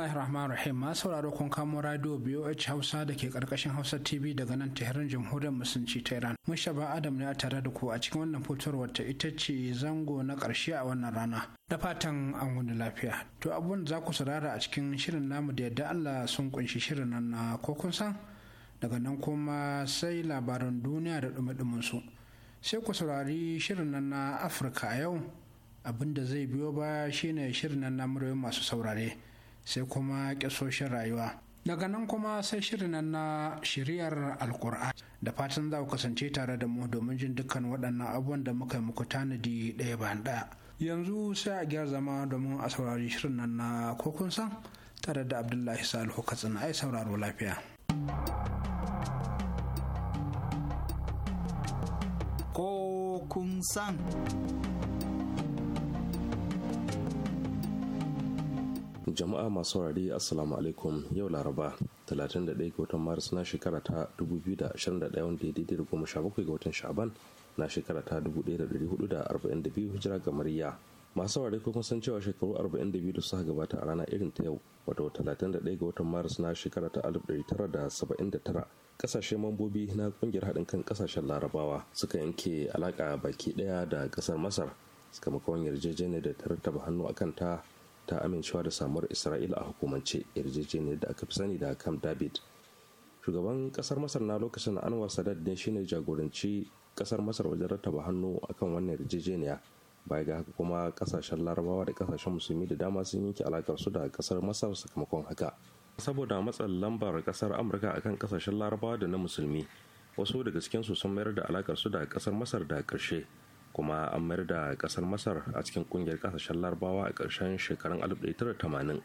bismillahir rahmanir rahim ma sauraro kun kamo radio boh hausa da ke karkashin hausa tv daga nan tehran jamhuriyar musulunci ta iran mun shaba adam ne a tare da ku a cikin wannan fitowar ta ita ce zango na karshe a wannan rana da fatan an wani lafiya to abun za ku saurara a cikin shirin namu da yadda allah sun kunshi shirin nan na ko kun san daga nan kuma sai labaran duniya da dumi su sai ku saurari shirin nan na afirka a yau abin da zai biyo ba shine shirin nan na masu saurare sai kuma kisoshin rayuwa daga nan kuma sai shirin na shiriyar alkur'an da fatan za ku kasance tare da mu domin jin dukkan waɗannan abubuwan da muka yi muku tanadi ɗaya ba ɗaya yanzu sai a gyar zama domin a saurari shirin nan na kokun san tare da abdullahi salihu katsina ai sauraro lafiya kokun san jama'a masu saurare assalamu alaikum yau laraba 31 ga watan maris na shekara ta 2021 wanda ya daidai da goma sha bakwai ga watan sha'aban na shekara ta 1442 hijira ga Mariya. masu saurare kuma san cewa shekaru 42 da suka gabata a rana irin ta yau wato 31 ga watan maris na shekara ta 1979 kasashe mambobi na kungiyar haɗin kan kasashen larabawa suka yanke alaƙa baki ɗaya da ƙasar masar suka sakamakon yarjejeniyar da ta rattaba hannu a kanta ta amincewa da samuwar isra'ila a hukumance yarjejeniyar da aka fi sani da kam david shugaban kasar masar na lokacin anwar sadat ne shine jagoranci kasar masar wajen rattaba hannu akan wannan yarjejeniya baya ga haka kuma kasashen larabawa da kasashen musulmi da dama sun yanke alakar su da kasar masar sakamakon haka saboda matsalar lambar kasar amurka akan kasashen larabawa da na musulmi wasu daga su sun mayar da alakar su da kasar masar da karshe kuma an mayar da kasar masar a cikin kungiyar kasashen larabawa a ƙarshen shekarun 1980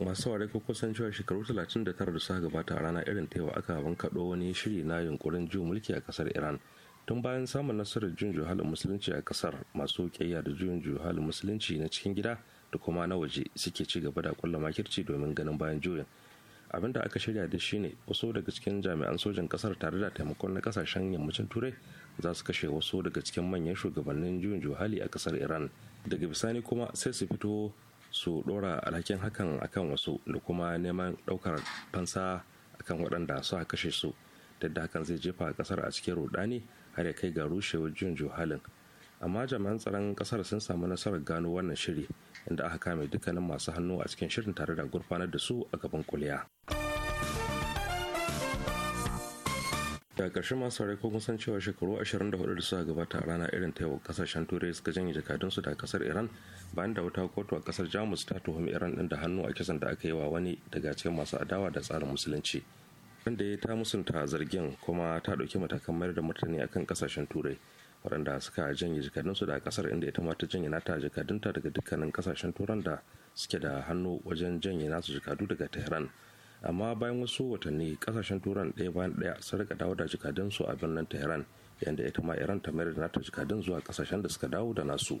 masu saurari ko kusan cewa shekaru 39 da suka gabata a rana irin taiwa aka ɗo wani shiri na yunkurin juyin mulki a kasar iran tun bayan samun nasarar juyin juhalin musulunci a kasar masu kiyayya da juyin juhalin musulunci na cikin gida da kuma na waje suke ci gaba da kulla makirci domin ganin bayan juyin abin da aka shirya da shine wasu daga cikin jami'an sojan kasar tare da taimakon na kasashen yammacin turai za su kashe wasu daga cikin manyan shugabannin juyin juhali a kasar iran daga bisani kuma sai su fito su dora alhakin hakan akan wasu da kuma neman daukar fansa akan waɗanda su kashe su da hakan zai jefa kasar a cikin rudani har ya kai ga rushewar juyin juhalin amma jami'an tsaron kasar sun samu nasarar gano wannan shiri inda aka kame dukkanin masu hannu a cikin shirin tare da gurfanar da su a gaban kuliya daga ƙarshe masu rai kun san cewa shekaru 24 da suka gabata a rana irin ta yau kasashen turai suka janye su da kasar iran bayan da wata kotu a kasar jamus ta tuhumi iran din da hannu a kisan da aka yi wa wani daga cikin masu adawa da tsarin musulunci wanda ya ta musunta zargin kuma ta ɗauki matakan mayar da mutane akan kasashen turai waɗanda suka janye jikadunsu daga ƙasar inda ita ma ta janye nata jikadunta daga dukkanin ƙasashen turan da suke da hannu wajen janye nasu jikadu daga tehran amma bayan wasu watanni ƙasashen turan ɗaya bayan ɗaya sun rika dawo da jikadunsu a birnin tehran yadda ita ma iran ta mayar da nata jikadun zuwa ƙasashen da suka dawo da nasu.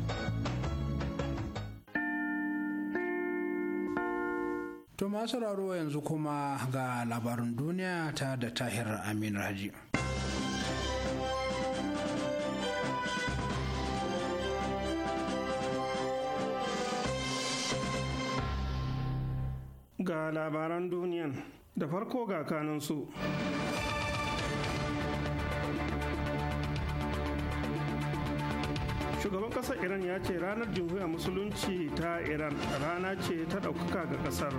To masu raro yanzu kuma ga labarin duniya ta da tahir Amin Raji. Ga labaran duniyan da farko ga kanansu. su. shugaban kasar iran ya ce ranar jamhuriyar musulunci ta iran rana ce ta ɗaukaka ga kasar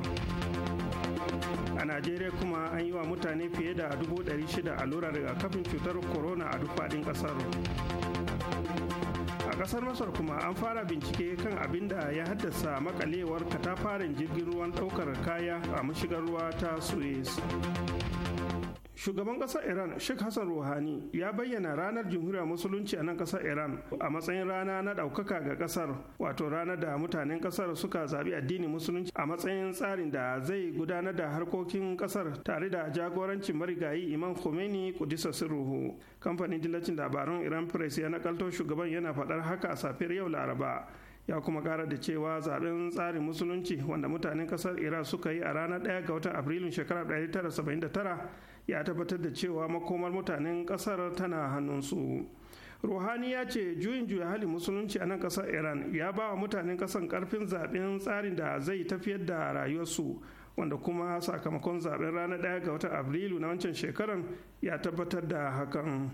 a najeriya kuma an yi wa mutane fiye da 600 daga kafin cutar corona a duk faɗin kasar a kasar masar kuma an fara bincike kan abin da ya haddasa makalewar katafaren jirgin ruwan ɗaukar kaya a mashigar ruwa ta suez shugaban kasar iran shek hassan ruhani ya bayyana ranar jamhuriyar musulunci a nan kasar iran a matsayin rana na ɗaukaka ga kasar wato ranar da mutanen kasar suka zaɓi addinin musulunci a matsayin tsarin da zai gudanar da harkokin kasar tare da jagorancin marigayi imam khomeini kudisa sirruhu kamfanin dillacin labaran iran press ya nakalto shugaban yana faɗar haka a safiyar yau laraba ya kuma kara da cewa zaɓen tsarin musulunci wanda mutanen kasar iran suka yi a ranar 1 ga watan afrilun shekarar 1979 ya tabbatar da cewa makomar mutanen kasar tana hannunsu ruhani ya ce juyin juya hali musulunci a nan kasar iran ya ba wa mutanen kasar karfin zaben tsarin da zai tafiyar da rayuwarsu wanda kuma sakamakon zaɓen ranar ɗaya ga watan afrilu na wancan shekaran ya tabbatar da hakan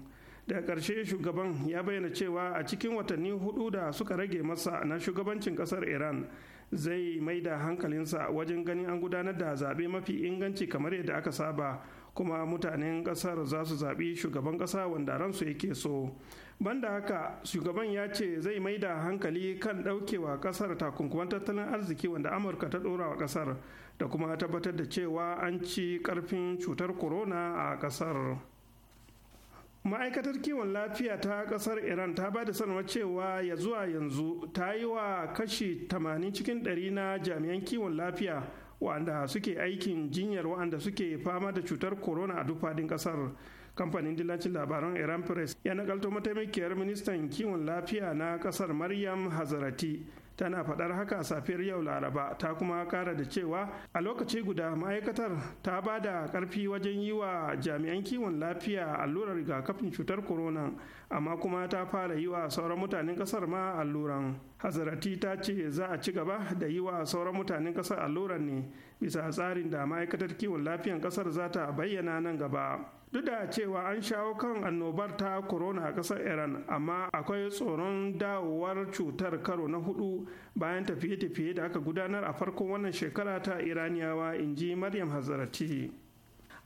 daga ƙarshe shugaban ya bayyana cewa a cikin watanni hudu da suka rage masa na shugabancin ƙasar iran zai mai da hankalinsa wajen ganin an gudanar da zaɓe mafi inganci kamar yadda aka saba kuma mutanen kasar za su zaɓi shugaban ƙasa wanda ransu yake so banda haka shugaban ya ce zai mai da hankali kan ɗaukewa ƙasar takunkuman tattalin arziki wanda amurka ta ɗora wa ƙasar da kuma tabbatar da cewa an ci ƙarfin cutar corona a ƙasar ma'aikatar kiwon lafiya ta ƙasar iran ta ba da sanarwar cewa ya zuwa yanzu ta yi wa kashi 80 cikin 100 na jami'an kiwon lafiya wa'anda suke aikin jinyar wa'anda suke fama da cutar corona a duk faɗin ƙasar kamfanin dillacin labaran iran press ya nakalto mataimakiyar ministan kiwon lafiya na ƙasar maryam hazarati tana faɗar haka a safiyar yau laraba ta kuma ƙara da cewa a lokaci guda ma'aikatar ta ba da ƙarfi wajen yi wa jami'an kiwon lafiya allurar rigakafin cutar corona amma kuma ta fara yi wa sauran mutanen ƙasar ma alluran hazarati ta ce za a ci gaba da yi wa sauran mutanen ƙasar alluran ne bisa tsarin da ma'aikatar kiwon lafiyan ƙasar za ta bayyana nan gaba duk da cewa an shawo kan annobar ta corona a ƙasar iran amma akwai tsoron dawowar cutar karo na hudu bayan tafiye-tafiye da aka gudanar a farkon wannan shekara ta iraniyawa in ji maryam hazarati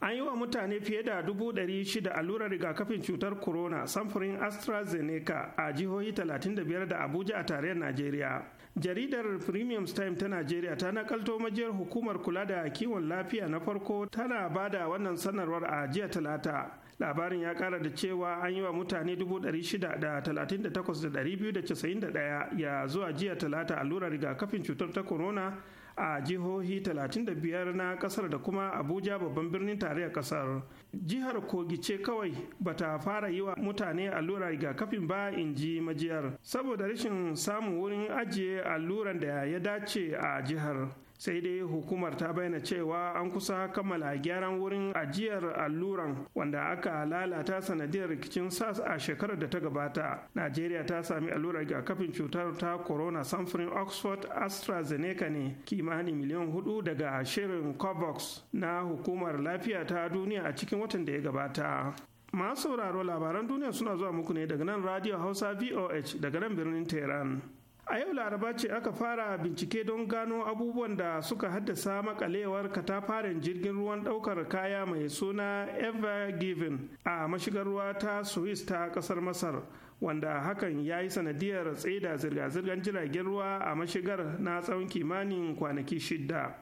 an yi wa mutane fiye da dubu ɗari shida allurar rigakafin cutar corona samfurin astrazeneca a jihohi 35 da abuja a tarayyar najeriya jaridar premium time ta najeriya ta nakalto majiyar hukumar kula da kiwon lafiya na farko tana ba da wannan sanarwar a jiya talata labarin ya kara da cewa an yi wa mutane 638,291 ya zuwa jiya talata allurar rigakafin cutar ta corona a jihohi 35 na kasar da kuma abuja babban birnin tarayyar kasar jihar kogi ce kawai ba ta fara yi wa mutane allura rigakafin ba in ji majiyar saboda rashin samun wurin ajiye alluran da ya dace a jihar sai dai hukumar ta bayyana cewa an kusa kammala gyaran wurin ajiyar alluran wanda aka lalata sanadiyar rikicin sars a shekarar da ta gabata najeriya ta sami allurar kafin cutar ta corona samfurin oxford astrazeneca ne kimanin miliyan hudu daga shirin covax na hukumar lafiya ta duniya a cikin watan da ya gabata masu sauraro labaran duniya suna zuwa muku ne daga nan radio hausa voh daga nan birnin tehran a yau laraba ce aka fara bincike don gano abubuwan da suka haddasa makalewar katafaren jirgin ruwan daukar kaya mai suna ever given a mashigar ruwa ta swiss ta kasar masar wanda hakan ya yi sanadiyar tsaida zirga-zirgar jiragen ruwa a mashigar na tsawon kimanin kwanaki shida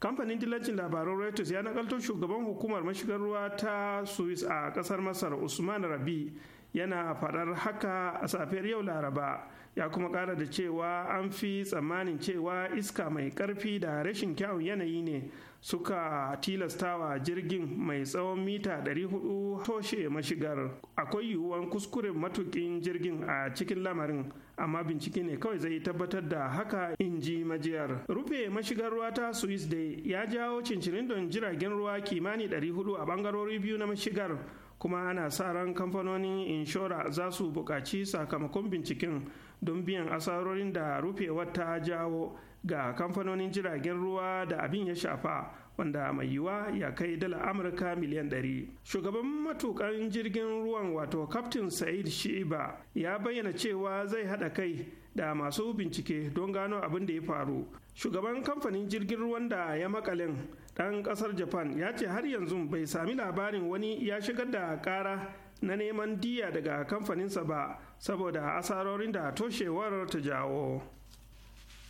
kamfanin dillacin labarun reuters ya nakalto shugaban hukumar mashigar ruwa ta swiss a kasar masar usman rabi yana faɗar haka a safiyar yau laraba ya kuma ƙara da cewa an fi tsammanin cewa iska mai karfi da rashin kyawun yanayi ne suka tilastawa jirgin mai tsawon mita 400 toshe mashigar akwai yiwuwan kuskuren matukin jirgin a cikin lamarin amma bincike ne kawai zai tabbatar da haka in ji majiyar rufe mashigar ruwa ta swiss day ya jawo don jiragen ruwa kimani 400 a bangarori biyu na mashigar kuma ana sa ran kamfanonin inshora za su bukaci sakamakon binciken don biyan asarorin da rufewar ta jawo ga kamfanonin jiragen ruwa da abin ya shafa wanda mai yiwuwa ya kai dala amurka miliyan 100 shugaban matukan jirgin ruwan wato captain said shiba ya bayyana cewa zai hada kai da masu bincike don gano abin da ya faru shugaban kamfanin jirgin ruwan da ya makalin dan kasar japan ya ce har yanzu bai sami labarin wani ya shigar da kara na neman diya daga kamfaninsa ba saboda asarorin da toshewar ta jawo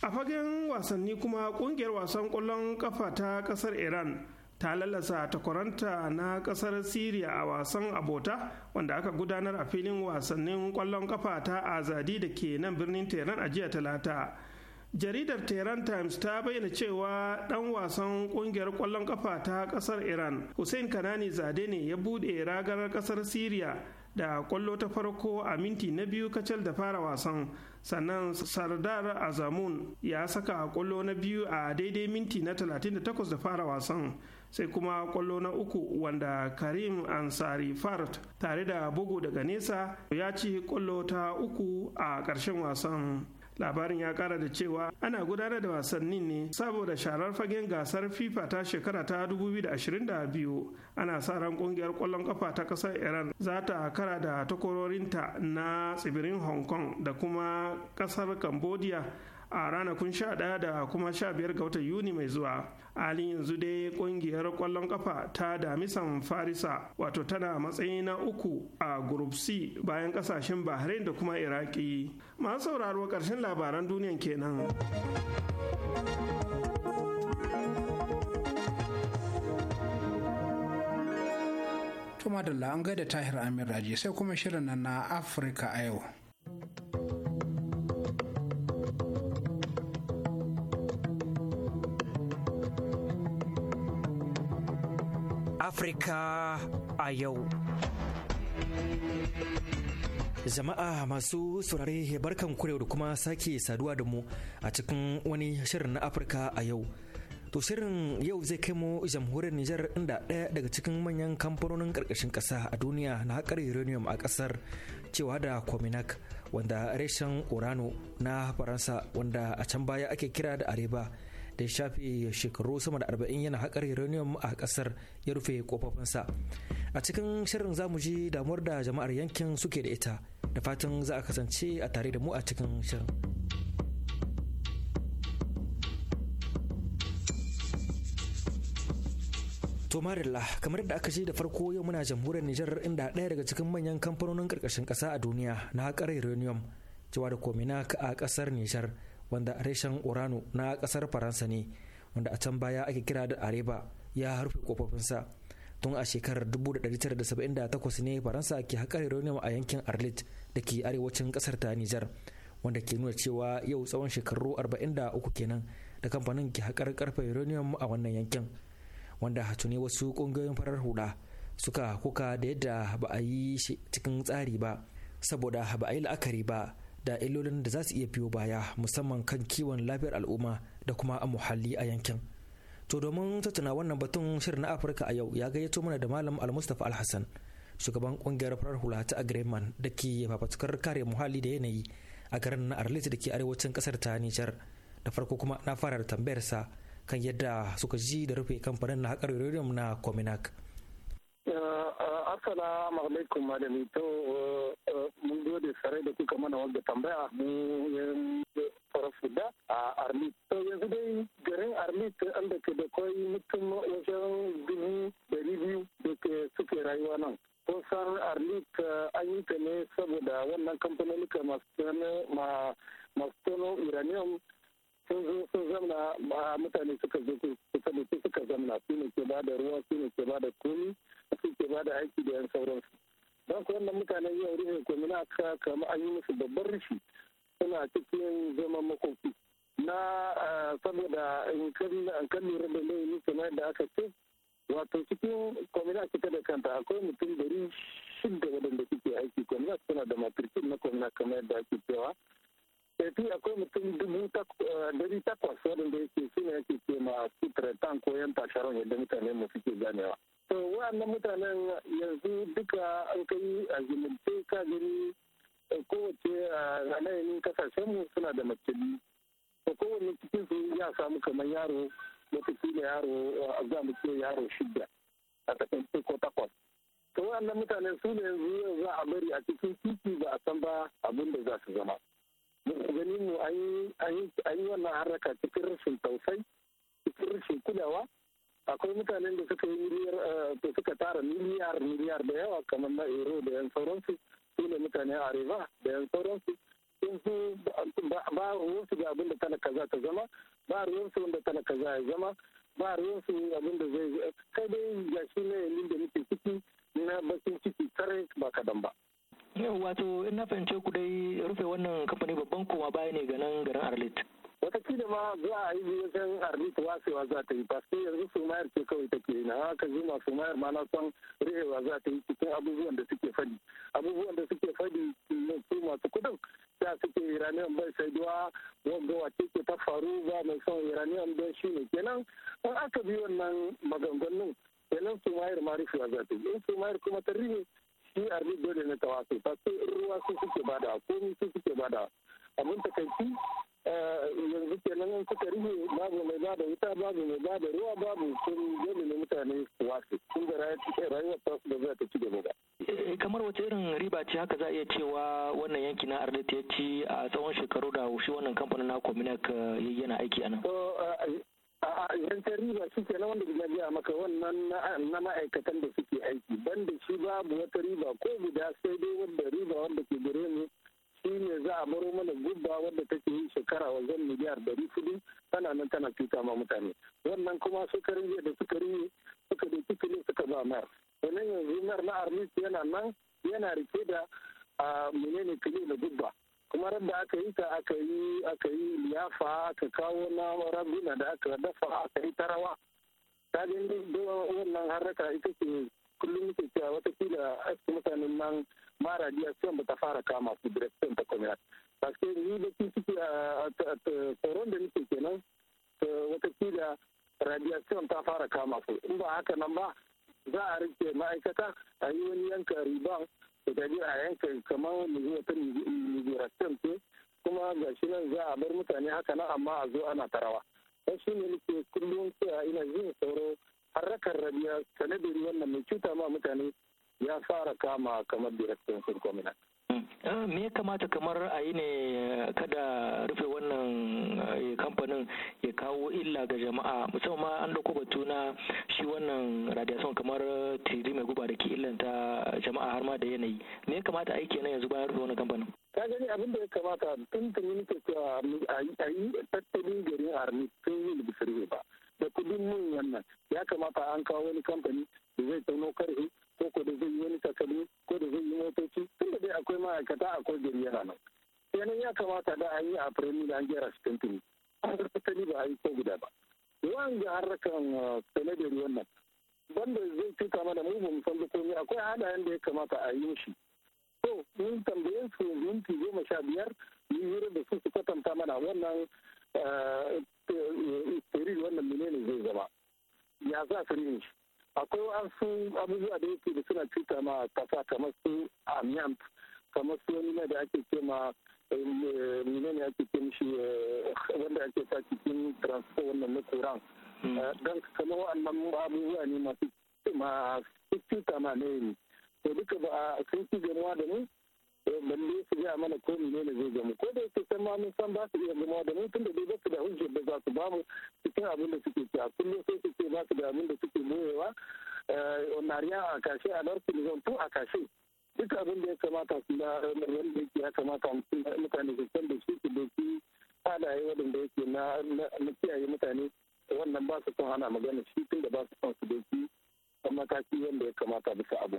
a fagen wasanni kuma kungiyar wasan kwallon kafa ta kasar iran ta lalasa takwaranta na kasar syria a wasan abota wanda aka gudanar a filin wasannin kwallon kafa ta azadi da ke nan birnin tehran a jiya talata jaridar tehran times ta bayyana cewa dan wasan kungiyar kwallon kafa ta kasar iran hussein kanani zade ne ya bude ragar kasar syria da kwallo ta farko a minti na biyu kacal da fara wasan sannan sardar azamun ya saka kwallo na biyu a daidai minti na 38 da fara wasan sai kuma kwallo na uku wanda karim ansari fart tare da bugu daga nesa ya ci kwallo ta uku a ƙarshen wasan labarin ya kara da cewa ana gudanar da wasannin ne saboda sharar fagen gasar fifa ta shekara ta 2022 ana sa ran kungiyar kwallon kafa ta kasar iran za ta kara da takwarorinta na tsibirin hong kong da kuma kasar cambodia a ranakun sha 11 da kuma sha biyar ga watan yuni mai zuwa halin yanzu dai kungiyar kwallon kafa ta damisan farisa wato tana matsayi na uku a group c bayan kasashen bahrain da kuma iraki masu sauraro karshen labaran duniyan kenan Tuma da an gaida tahir amir raji sai kuma shirin na afirka a yau Afirka a yau. Jama'a masu saurare barkan kurewa da kuma sake saduwa da mu a cikin wani shirin na Afirka a yau. To shirin yau zai kai mu jamhuriyar Nijar inda ɗaya daga cikin manyan kamfanonin ƙarƙashin ƙasa a duniya na haƙar uranium a ƙasar cewa da Cominac wanda reshen Urano na Faransa wanda a can baya ake kira da Areba. da ya shafe shekaru sama da arba'in yana haƙar uranium a ƙasar ya rufe ƙofofinsa a cikin shirin zamu ji damuwar da jama'ar yankin suke da ita da fatan za a kasance a tare da mu a cikin shirin To kamar da aka ce da farko yau muna jamhuriyar Nijar inda ɗaya daga cikin manyan kamfanonin ƙarƙashin ƙasa a duniya na haƙar uranium cewa da komina a ƙasar Nijar wanda reshen urano na kasar faransa ne wanda a can baya ake kira da areba ya rufe kofofinsa tun a shekarar 1978 ne faransa ke haƙar uranium a yankin arlit da ke arewacin kasar ta nijar wanda ke nuna cewa yau tsawon shekaru 43 kenan da kamfanin ke haƙar karfe uranium a wannan yankin wanda ne wasu ƙungiyoyin farar huda suka kuka da yadda ba a yi cikin tsari ba saboda ba a yi la'akari ba da illolin da za su iya biyo baya musamman kan kiwon lafiyar al'umma da kuma a muhalli a yankin to domin tattuna wannan batun shirin na afirka a yau ya gayyato mana da malam almustafa alhassan shugaban kungiyar farar hula ta agreman da ke fafatukar kare muhalli da yanayi a garin na arlit da ke arewacin kasar ta nijar da farko kuma na fara tambayar sa kan yadda suka ji da rufe kamfanin na haƙar uranium na cominac Eh, eh, assalamu alaikum malami to eh, mun gode sarai da kuka mana wanda tambaya mu yan da a Arlit. To yanzu dai garin Arlit an da ke da kwai mutum wajen dubu dari biyu da ke suke rayuwa nan. Kusan Arlit an yi ta ne saboda wannan kamfanonika masu tono uranium sun zo sun zamna ma mutane suka zo su suka su suka zamna su ne ke ba da ruwa su ne ke ba da komi su ke ba da aiki da yan sauransu don ku wannan mutane yau rufe komina aka kama an yi musu babbar rufi suna cikin zaman makoki na saboda in kan lura da mai nisa na da aka ce wato cikin kwamina cika da kanta akwai mutum dari shida waɗanda suke aiki kwamina suna da matirkin na kwamina kamar yadda ake cewa sai akwai mutum dubu eh, dari takwas waɗanda yake su ne yake ce ma sutretan ko yan tasharon yadda mutane mu suke ganewa. To waɗannan mutanen yanzu duka an kai a zumunce ka gani eh, kowace eh, a kasashen mu suna da mace biyu. To kowane cikin su ya samu kamar yaro wataƙila yaro a zamu ce yaro shida a ce ko takwas. To waɗannan mutane su ne yanzu za a bari a cikin titi ba a san ba abin da za su zama. ganin mu an yi wannan haraka cikin rashin tausai cikin rashin kulawa akwai mutanen da suka yi da eh, suka tara miliyar miliyar da yawa kamar na ero da yan sauransu su ne mutane arewa da yan sauransu sun su ba ruwansu da abin da talaka za ta zama ba a su wanda talaka za ya zama ba a ruwansu abin da zai eh, kai dai shi na yanzu da muke ciki na bakin ciki tare ba kadan ba. yau wato in na fahimce ku dai rufe wannan kamfani babban koma baya ne ga nan garin arlit watakila ma za a yi wajen arlit wasewa za ta yi ba sai yanzu sumayar ce kawai take yi na haka zuma sumayar ma na son rihewa za ta yi cikin abubuwan da suke fadi abubuwan da suke fadi su masu kudin da suke iraniyan bai duwa wanda wace ke ta faru ba mai son iraniyan don shi ne kenan in aka bi wannan maganganun kenan sumayar ma rufewa za ta yi in sumayar kuma ta rihe shi a dole na tawasu ba sai ruwa su suke bada ko ni su suke bada abin takaici eh, yanzu kenan nan suka rufe babu mai bada wuta babu mai bada ruwa babu sun dole ne mutane su wasu sun ga rayuwar tasu da za ta ci gaba ba. Eh, kamar wace irin riba ce haka za a iya cewa wannan yanki na arlet ya ci a tsawon shekaru da shi wannan kamfanin na kominak eh, yana aiki a nan. zancen riba shi ke na wanda ya gaya maka wannan na ma'aikatan da suke aiki ban da shi babu wata riba ko guda sai dai wanda riba wanda ke gare shi ne za a baro mana gubba wadda take yi shekara wajen miliyar dari kudu tana nan tana cuta ma mutane wannan kuma sukarin jiya da sukari suka da kikili suka ba mayar wannan yanzu mayar na armis yana nan yana rike da a menene kili na guba. kuma da aka yi ta aka yi aka yi liyafa aka kawo na rabina da aka dafa aka yi tarawa ta gani da wannan harraka ita ce kullum muke cewa watakila aski mutanen nan mara diya siyan ba ta fara kama su direktin ta kwamiyar parce ni da ciki a tsoron da nake kenan watakila radiation ta fara kama su in ba haka nan ba za a rike ma'aikata a yi wani yanka riban da a yanka kamar ta ce kuma ga shi nan za a bar mutane haka nan amma a zo ana tarawa don shi ne nake kullum cewa ina jin sauro harrakar rabiya sanadari wannan mai cuta ma mutane ya fara kama kamar direction sun kwamina Eh, me ya kamata kamar a yi ne eh, kada rufe wannan eh, kamfanin ya kawo illa ga jama'a musamman an dauko batu na shi wannan radiation kamar tiri mai guba da ke illanta jama'a har ma da yanayi me ya kamata a yi kenan yanzu bayan rufe wannan kamfanin ka gani abin da ya kamata tun tuni nake a yi tattalin garin arni tun yi da ba da kudin mun wannan ya kamata an kawo wani kamfani da zai tauno karfi ko ko da zai yi wani takalmi ko da zai yi motoci tun da dai akwai ma'aikata akwai gari yana nan kenan ya kamata da an yi a firimi da an gera su tuntuni an tattali ba a yi ko guda ba yawan ga harkan uh, sanadari wannan banda zai cuta mana mu ba mu san komai akwai halayen da ya kamata a yi shi to mun tambaye su minti goma sha biyar mun hira da su su kwatanta mana wannan teri uh, wannan menene zai zama ya za su yin shi akwai wasu abubuwa da yake da suna cuta ma kasa kamar su amiant kamar su wani da ake ce ma eh, menene ake ce mishi eh, wanda ake sa cikin transfer wannan na kuran hmm. eh, don kamar wa'annan abubuwa ne masu cuta ma ne to duka ba sun ci gamuwa da mu Eh, balle su gaya mana ko ne ne zai gamu ko da yake san ma mun san ba su iya gama da mun tunda ba su da hujjar da za su ba mu cikin abin da suke ci a kullum sai su ce ba su da abin da suke moyewa eh, onariya a kashe a larkin tun a kashe duk abin da ya kamata su da eh, wani da ya kamata mutane su san da shi su doki halaye waɗanda yake na kiyaye mutane wannan ba su son ana magana shi tun da ba su son su ɗaukan mataki wanda ya kamata bisa abu.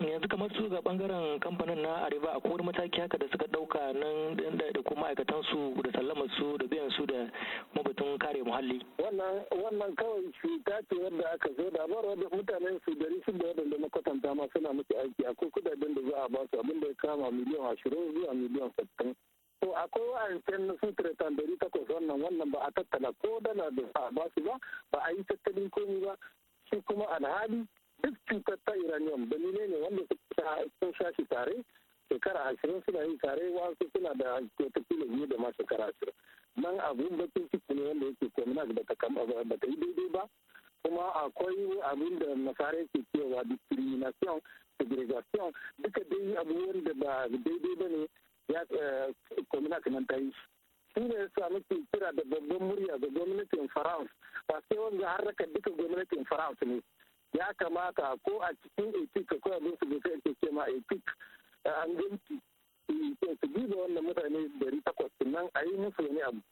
yanzu kamar su ga bangaren kamfanin na arewa a kowane mataki haka da suka dauka nan da kuma ma'aikatan su da sallamar su da biyan su da mabutun kare muhalli wannan wannan kawai cuta ce wanda aka zo da bar wanda mutanen su da su da wadanda na kwatanta ma suna musu aiki akwai kudaden da za a ba su abin da ya kama miliyan ashirin zuwa miliyan sittin to akwai wa'ancan su tiretan dari takwas wannan wannan ba a tattala ko dala da ba ba su ba ba a yi tattalin komi ba shi kuma alhali duk cutar ta iranium dalilai ne wanda sun sha shi tare shekara ashirin suna yi tare wasu suna da watakila biyu da ma shekara ashirin nan abin bakin ciki ne wanda yake kominak da ta yi daidai ba kuma akwai abin da nasara ke cewa discrimination segregation duka dai abu da ba daidai ba ne ya kominak eh, nan ta yi shi ya yasa muke kira da babban murya ga gwamnatin france ba sai wanda raka duka gwamnatin france ne ya kamata ko a cikin etik a koya su da sai ake ce ma etik an ganci eh, su da wannan mutane dari takwas nan a yi musu wani abu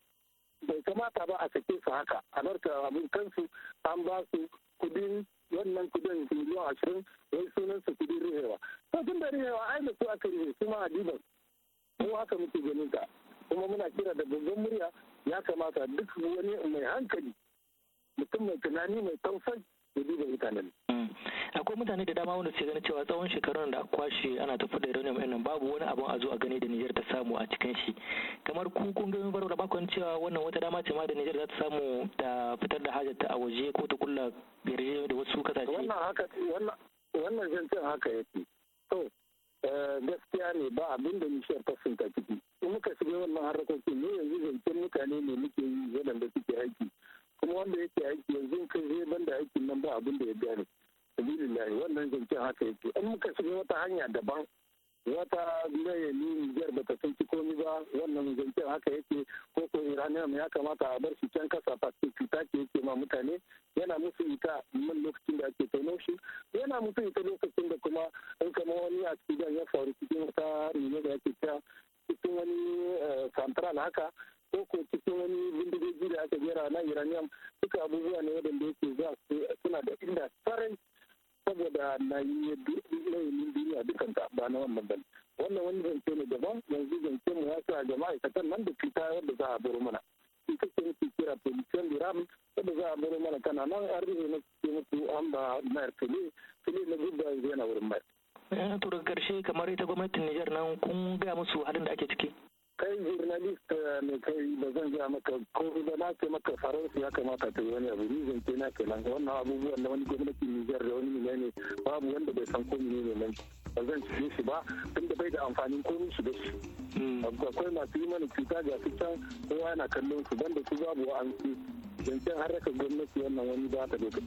bai kamata ba a sake su haka a barka abin kansu an ba su kudin wannan kudin miliyan ashirin wai sunan su kudin rihewa to tun da rihewa ai da su aka rihe kuma a diban ko haka muke ganin ka kuma muna kira da babban murya ya kamata duk wani mai hankali mutum mai tunani mai tausai ya duba mutanen. Hmm. akwai mutane da dama wanda suke ganin cewa tsawon shekarun da kwashe ana tafi da irin nan babu wani abun a zo a gani da Nijar ta samu a cikin shi kamar ku kun ga mun da bakon cewa wannan wata dama ce ma da Nijar za ta samu ta fitar da hajarta a waje ko ta kulla yarjejeniya da wasu kasashe wannan haka wannan zancen haka yake to Eh, gaskiya ne ba abin da nishiyar ta sun ciki in muka shiga wannan harkokin ne yanzu zancen mutane ne muke yi da suke aiki kuma wanda yake aiki yanzu kai zai banda aikin nan ba abin da ya gane sabilillahi wannan zancen haka yake in muka shiga wata hanya daban wata mai niger ba ta sauki komi ba wannan zancen haka yake ko ko iranian ya kamata a bar shi can kasa fasi cuta ke yake ma mutane yana musu ita man lokacin da ake tono shi yana musu ita lokacin da kuma in kama wani accident ya faru cikin wata rime da yake ta cikin wani eh, central haka ko ko cikin wani bindigogi da aka jera na iranian duka abubuwa ne wadanda yake za su suna da inda sarai saboda na yi ilimin duniya dukan ta ba na wannan bane wannan wani zance ne daban yanzu zance mu ya sa ga ma'aikatan nan da fita yadda za a bar mana ka ce mutu kira polisiyan liram yadda za a bar mana kana nan rufe na ce mutu an ba mayar tule fili na zuba yanzu yana wurin mayar. Eh, to daga karshe kamar ita gwamnatin Nijar nan kun gaya musu halin da ake ciki. kai journalist eh, ne kai ba zan ga maka ko da na ce maka faransa ya kamata ta yi wani abu ni ce na ke kenan wannan abubuwan na wani gwamnati Nijar da wani ne babu wanda bai san komi ne ne ba zan ci shi ba tunda bai da amfanin komi shi da shi hmm. akwai masu yi mana cuta ga su can kowa yana kallon su banda su babu wa'ansu zancen harkar gwamnati wannan wani ba ta lokaci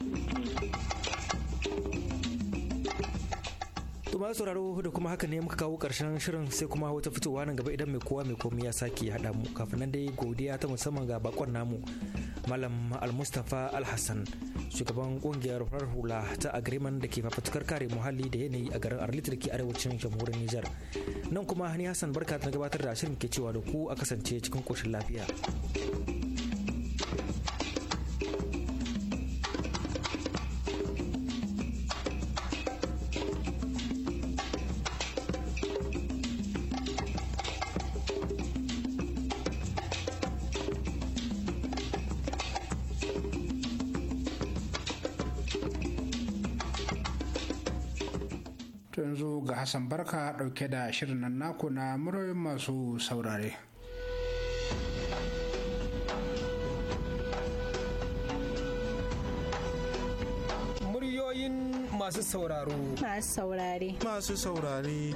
To ma sauraro da kuma haka ne muka kawo karshen shirin sai kuma wata fitowa nan gaba idan mai kowa mai komai ya sake haɗa mu kafin nan dai godiya ta musamman ga bakon namu Malam Al-Mustafa Al-Hassan shugaban kungiyar farar hula ta agreement da ke fafatukar kare muhalli da yanayi a garin Arlit da ke arewacin jamhuriyar Nijar. Nan kuma Hani Hassan barka ta gabatar da shirin ke cewa da ku a kasance cikin koshin lafiya. Hassan Barka ɗauke da shirin nan naku na muryoyin masu saurare. Muryoyin masu sauraro. Masu saurare. Masu saurare.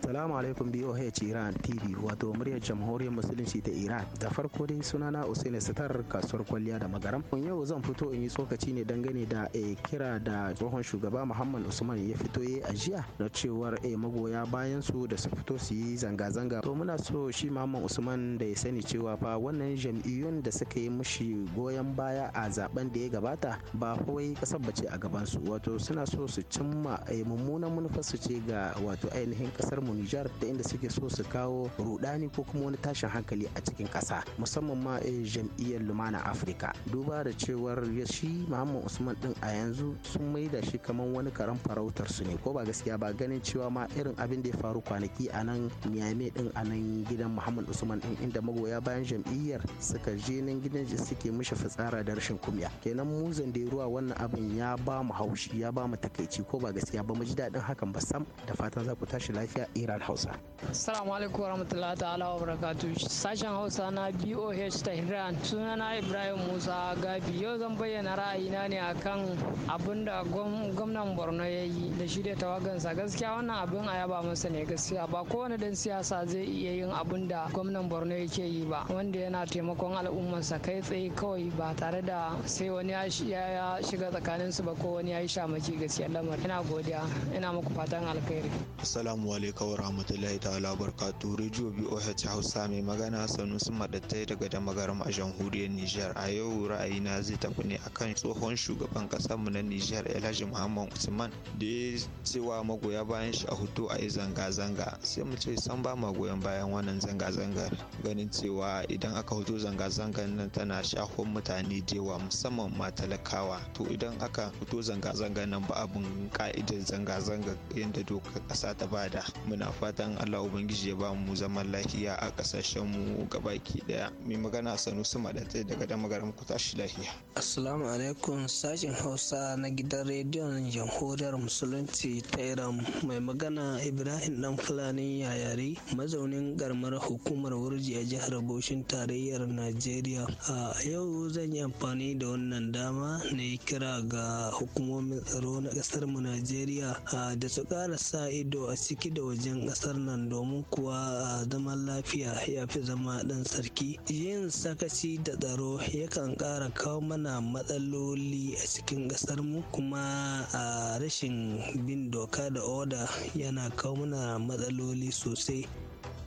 Salamu alaikum BOH Iran TV wato muryar jamhuriyar musulunci ta Iran. Da farko dai sunana Usaini Sitar kasuwar kwalliya da magaram. Kun yau zan fito in yi tsokaci ne dangane da a eh, kira da tsohon shugaba Muhammad Usman ya fito ya a jiya na cewar a eh, magoya bayan su da su fito su yi zanga-zanga. To muna so shi Muhammad Usman da ya sani cewa fa wannan jam'iyyun da suka yi mushi goyon baya a zaben da ya gabata ba kawai kasar bace a gabansu wato suna so su cimma a eh, mummunan manufarsu ce ga wato ainihin kasar mu Nijar da inda suke so su kawo rudani ko kuma wani tashin hankali a cikin kasa musamman ma eh, jam'iyyar Lumana Afirka duba da cewar shi Muhammad Usman din a yanzu sun maida shi kamar wani karan farautar su ne ko ba gaskiya ba ganin cewa ma irin abin da ya faru kwanaki a nan Niamey din a nan gidan Muhammad Usman din inda magoya bayan jam'iyyar suka je nan gidan suke mishi fitsara da rashin kumya kenan mu ruwa wannan abin ya ba mu haushi ya ba mu takaici ko ba gaskiya ba mu ji daɗin hakan ba sam da fatan za ku tashi lafiya iran hausa Assalamu alaikum warahmatullahi ta'ala wa barakatu. Sashen Hausa na BOH Tehran sunana Ibrahim Musa Gabi yau zan bayyana ra'ayina ne akan abin da gwamnan Borno ya yi da shi da tawagansa gaskiya wannan abin a yaba masa ne gaskiya ba kowane dan siyasa zai iya yin abin da gwamnan Borno yake yi ba wanda yana taimakon al'ummarsa kai tsaye kawai ba tare da sai wani ya shiga tsakanin su ba ko wani ya yi shamaki gaskiya lamar ina godiya ina muku fatan alkhairi. Assalamu alaikum wa rahmatullahi ta'ala barkatu radio boh hausa mai magana sun madattai daga damagaram a jamhuriyar nijar a yau ra'ayi na zai tafi ne akan tsohon shugaban mu na nijar elhaji muhammad usman da ya cewa magoya bayan shi a hutu a yi zanga-zanga sai mu ce san ba ma bayan wannan zanga-zangar ganin cewa idan aka hutu zanga-zangar nan tana shafon mutane da yawa musamman ma talakawa to idan aka hutu zanga-zangar nan ba abin ka'idar zanga-zangar yadda dokar ƙasa ta bada muna fatan allah ubangiji ya ba mu zaman lafiya a kasashen mu gabaki daya mai magana daga gara muku tashi lafiya assalamu alaikum sashen hausa na gidan rediyon jamhuriyar musulunci ta iran mai magana ibrahim dan fulani yayari mazaunin garmar hukumar wurji a jihar bauchin tarayyar najeriya a yau zan yi amfani da wannan dama na yi kira ga hukumomin tsaro na kasar mu najeriya da su ƙara sa ido a ciki da waje wajen ƙasar nan domin kuwa a ah, zaman lafiya ya fi zama ɗan sarki yin sakaci da tsaro yakan ƙara kawo mana matsaloli a cikin ƙasar mu kuma a ah, rashin bin doka da oda yana kawo mana matsaloli sosai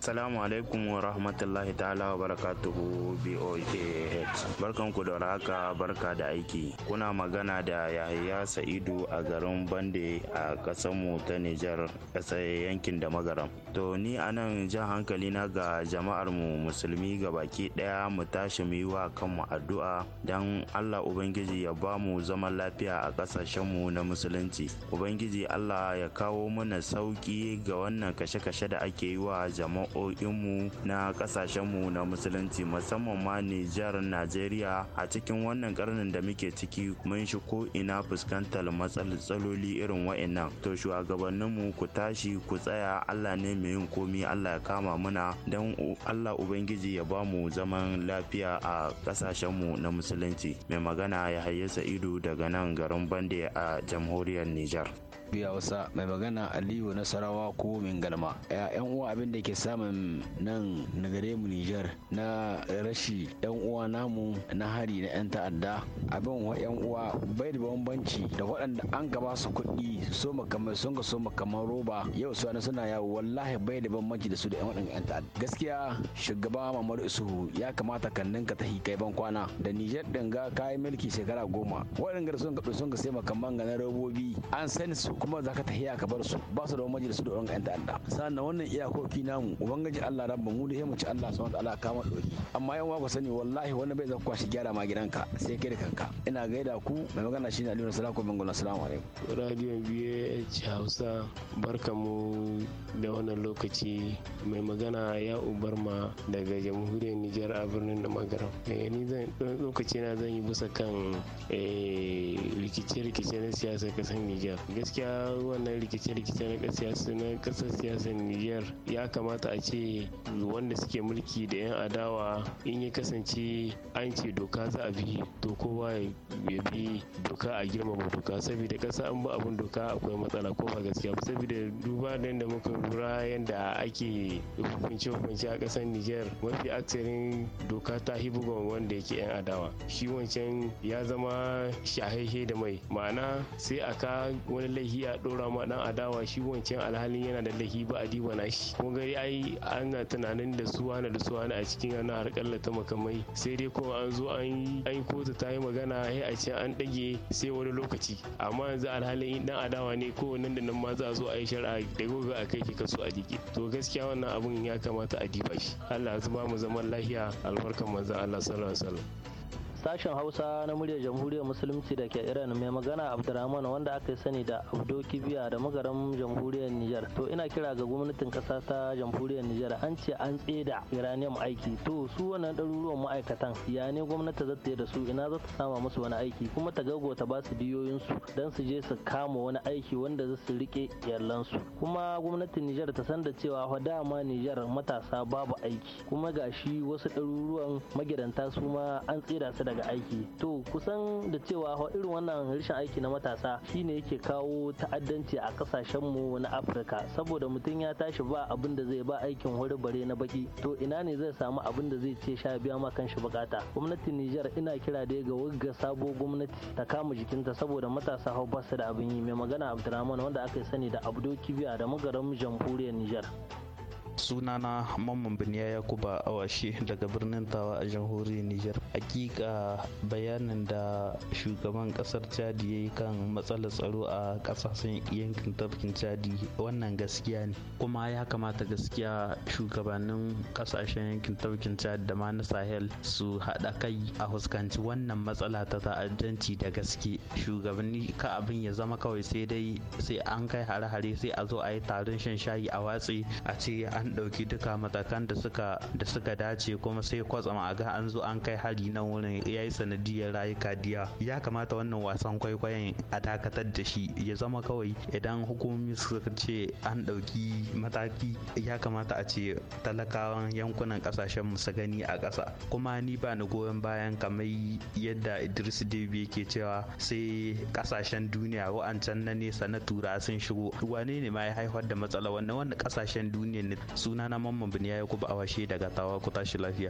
Assalamu alaikum wa rahmatullahi ta'ala wa barakatuhu BOAH. Barkan ku da raka barka da aiki. Kuna magana da Yahaya Sa'idu a garin Bande a ƙasarmu ta Nijar ƙasar yankin da Magaram. To ni a nan jan hankali na ga jama'ar mu musulmi ga baki ɗaya mu tashi mu yi wa kanmu addu'a dan Allah Ubangiji ya ba mu zaman lafiya a ƙasashenmu mu na musulunci. Ubangiji Allah ya kawo mana sauki ga wannan kashe-kashe da ake yi wa jama'a mu na kasashenmu na musulunci musamman ma Nijar Najeriya a cikin wannan karnin da muke ciki mun shi ko ina fuskantar matsaloli irin wa'annan to shugabanninmu ku tashi ku tsaya Allah ne mai yin komi Allah ya kama muna don Allah Ubangiji ya ba mu zaman lafiya a kasashenmu na musulunci mai magana ya hayyasa ido daga nan garin bande a jamhuriyar Nijar. biya wasa mai magana aliyu nasarawa ko galma yan uwa abin da ke samun nan na gare mu nijar na rashi yan uwa namu na hari na yan ta'adda abin wa yan uwa bai da bambanci da waɗanda an gaba su kuɗi so makamai sun ga so makaman roba yau su suna yawo wallahi bai da bambanci da su da yan waɗanda yan ta'adda gaskiya shugaba mamadu isuhu ya kamata kan ka ta hikai ban kwana da nijar ɗin ga kayan mulki shekara goma waɗanda sun ga sun ga sai makaman ga na robobi an sani su kuma za ka tahiya ka bar su ba su da wani da wani ƴan ta'adda sa'an wannan iyakoki namu ubangiji Allah rabba mu da mu ci Allah subhanahu wataala kama ɗoyi amma yan ku sani wallahi wani bai zakwa kwashi gyara ma ka sai kai da kanka ina gaida ku mai magana shine Aliyu Salaku Bangola assalamu alaikum radio BH Hausa barkamu da wannan lokaci mai magana ya ma daga jamhuriyar Nijar a birnin da magaram eh, ni zan lokaci na zan yi bisa kan eh, rikice-rikice na siyasa kasar Nijar gaskiya wannan rikice-rikice na kasar siyasar Niger ya kamata a ce wanda suke mulki da 'yan adawa in ya kasance an ce doka za a bi to kowa ya bi doka a girmama doka saboda kasa an ba abin doka akwai matsala ko ba gaskiya ba saboda duba da yadda muka lura yadda ake hukunce-hukunce a kasar Niger mafi aksarin doka ta hibu ga wanda yake 'yan adawa shi wancan ya zama shahehe da mai ma'ana sai a ka wani laifi lahi a dora ma dan adawa shi wancan alhalin yana da lahi ba a diba na shi kun gari ai ana tunanin da su wani da su wani a cikin yana harkar ta makamai sai dai kuma an zo an yi kotu ta yi magana sai a ce an dage sai wani lokaci amma yanzu alhalin dan adawa ne ko nan da nan ma za a zo a yi shari'a da gobe a kai ki kasu a jiki to gaskiya wannan abun ya kamata a diba shi Allah ya ba mu zaman lahiya albarkan manzon Allah sallallahu alaihi wasallam Sashen Hausa na muryar Jamhuriyar Musulunci da ke Iran mai magana Abdurrahman wanda aka yi sani da Abdo Kibiya da magaran Jamhuriyar Nijar. To ina kira ga gwamnatin kasa ta Jamhuriyar Nijar an ce an tseda Iranium aiki. To su wannan ɗaruruwan ma'aikatan ya ne gwamnati za ta yi da su ina za ta sama musu wani aiki kuma ta gaggauta ba su diyoyinsu don su je su kama wani aiki wanda za su rike yallansu. Kuma gwamnatin Nijar ta san da cewa fa dama Nijar matasa babu aiki kuma gashi wasu ɗaruruwan magidanta su ma an tseda su da daga aiki to kusan da cewa irin wannan rashin aiki na matasa shine yake kawo ta'addanci a kasashen mu na afirka saboda mutum ya tashi ba abin da zai ba aikin wuri bare na baki to ina ne zai samu abin da zai ce sha biya ma kanshi bukata gwamnatin nijar ina kira dai ga wugga sabo gwamnati ta kama jikinta saboda matasa hau ba su da abin yi mai magana abdulrahman wanda aka sani da abdo kibiya da magaran jamhuriyar nijar sunana mamman biniya yakuba awashe daga birnin tawa a jamhuriyar niger hakika bayanin da shugaban kasar chadi ya yi kan matsalar tsaro a kasashen yankin tafkin chadi wannan gaskiya ne kuma ya kamata gaskiya shugabannin kasashen yankin tafkin chadi da ma na sahel su haɗa kai a fuskanci wannan matsala ta ta'addanci da gaske shugabanni ka abin ya zama kawai sai dai sai an kai hare-hare sai a zo a yi taron shan shayi a watsi a ce an ɗauki duka matakan da suka suka dace kuma sai kwatsama a ga an zo an kai hari nan wurin ya yi sanadiyar rayuka diya ya kamata wannan wasan kwaikwayon a dakatar da shi ya zama kawai idan hukumomi suka ce an ɗauki mataki ya kamata a ce talakawan yankunan ƙasashen musa gani a ƙasa kuma ni ba ni goyon bayan kamar yadda idris dabi yake cewa sai ƙasashen duniya wa'ancan na nesa na tura sun shigo wane ne ma ya haifar da matsala wannan wanda ƙasashen duniya ne suna na mamman biniya ya kuba washe daga tawa ku tashi lafiya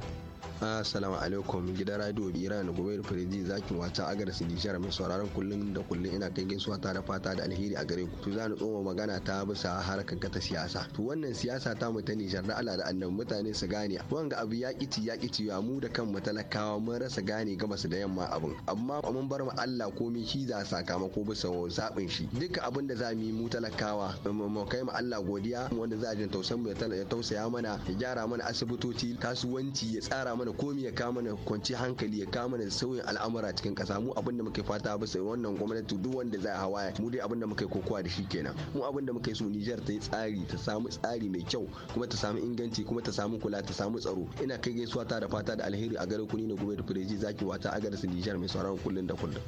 assalamu alaikum gidan radio iran gobe da firiji zakin wata agar su nijar mai sauraron kullum da kullum ina kai gaisuwa ta da fata da alheri a gare ku to za ni tsoma magana ta bisa harkar ta siyasa to wannan siyasa ta mu ta nijar da Allah da annabi mutane su gane wanga abu ya kici ya kici ya mu da kanmu talakawa mun rasa gane gabas da yamma abin amma mun bar mu Allah komai shi za sakamako bisa zabin shi duka abin da za mu yi mu talakawa mu kai mu Allah godiya wanda za a jin tausan mu da mana ya tausaya mana ya gyara mana asibitoci kasuwanci ya tsara mana komi ya kama mana kwanci hankali ya kama mana sauyin al'amura cikin kasa mu abin da muke fata bisa wannan gwamnati duk wanda za a hawa mu dai abin da muke kokowa da shi kenan mu abin da muke so Nijar ta yi tsari ta samu tsari mai kyau kuma ta samu inganci kuma ta samu kula ta samu tsaro ina kai gaisuwa ta da fata da alheri a gare ku ne gobe da fureji zaki wata a garin Niger Nijar mai sauraron kullun da kullun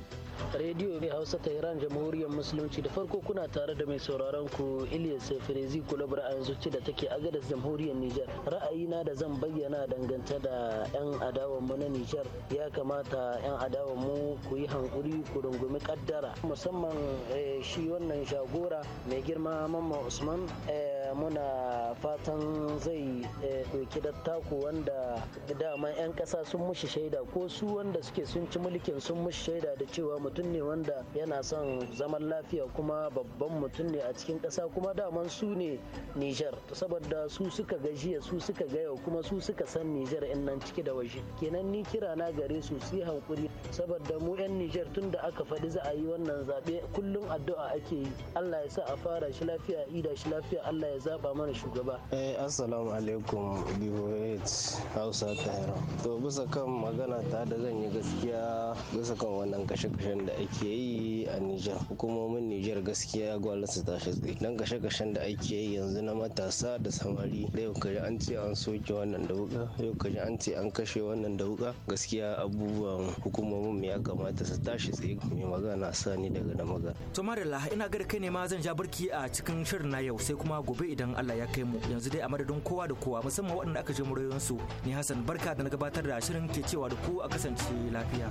rediyo ne hausa ta iran jamhuriyar musulunci da farko kuna tare da mai sauraron ku Ilyas Firezi Kulabar a yanzu ce da take a da jamhuriyar Nijar. Ra'ayina da zan bayyana dangance da 'yan adawar mu na Nijar ya kamata 'yan adawar mu ku yi hankuri ku rungumi kaddara musamman eh, shi wannan shagora mai girma mamma Usman eh, muna fatan zai eh, ɗauki taku wanda dama 'yan ƙasa sun mushi shaida ko su wanda suke sun ci mulkin sun mushi shaida da cewa mutum ne wanda yana son zaman lafiya kuma babban mutum ne a cikin ƙasa kuma daman su ne Nijar saboda su suka ga jiya su suka ga yau kuma su suka san Nijar in nan ciki da waje kenan ni kira na gare su su hankuri saboda mu yan Nijar tun da aka faɗi za a yi wannan zaɓe kullum addu'a ake yi Allah ya sa a fara shi lafiya ida shi lafiya Allah ya zaba mana shugaba eh assalamu alaikum BOH Hausa Tahira to bisa kan magana ta da zan yi gaskiya bisa kan wannan kashe-kashen da ake yi a Nijar hukumomin Nijar gaskiya gwalasa ta shi tsaye dan kashe-kashen da ake yi yanzu na matasa da wannan hari da an ce an soke wannan da wuka yau kaji an ce an kashe wannan da wuka gaskiya abubuwan hukumomin ya kamata su tashi tsaye mai magana sani daga da magana. to marilla ina ga kai ne ma zan ja barki a cikin shirin na yau sai kuma gobe idan Allah ya kai mu yanzu dai a madadin kowa da kowa musamman waɗanda aka je murayensu ni Hassan barka da na gabatar da shirin ke cewa da ku a kasance lafiya.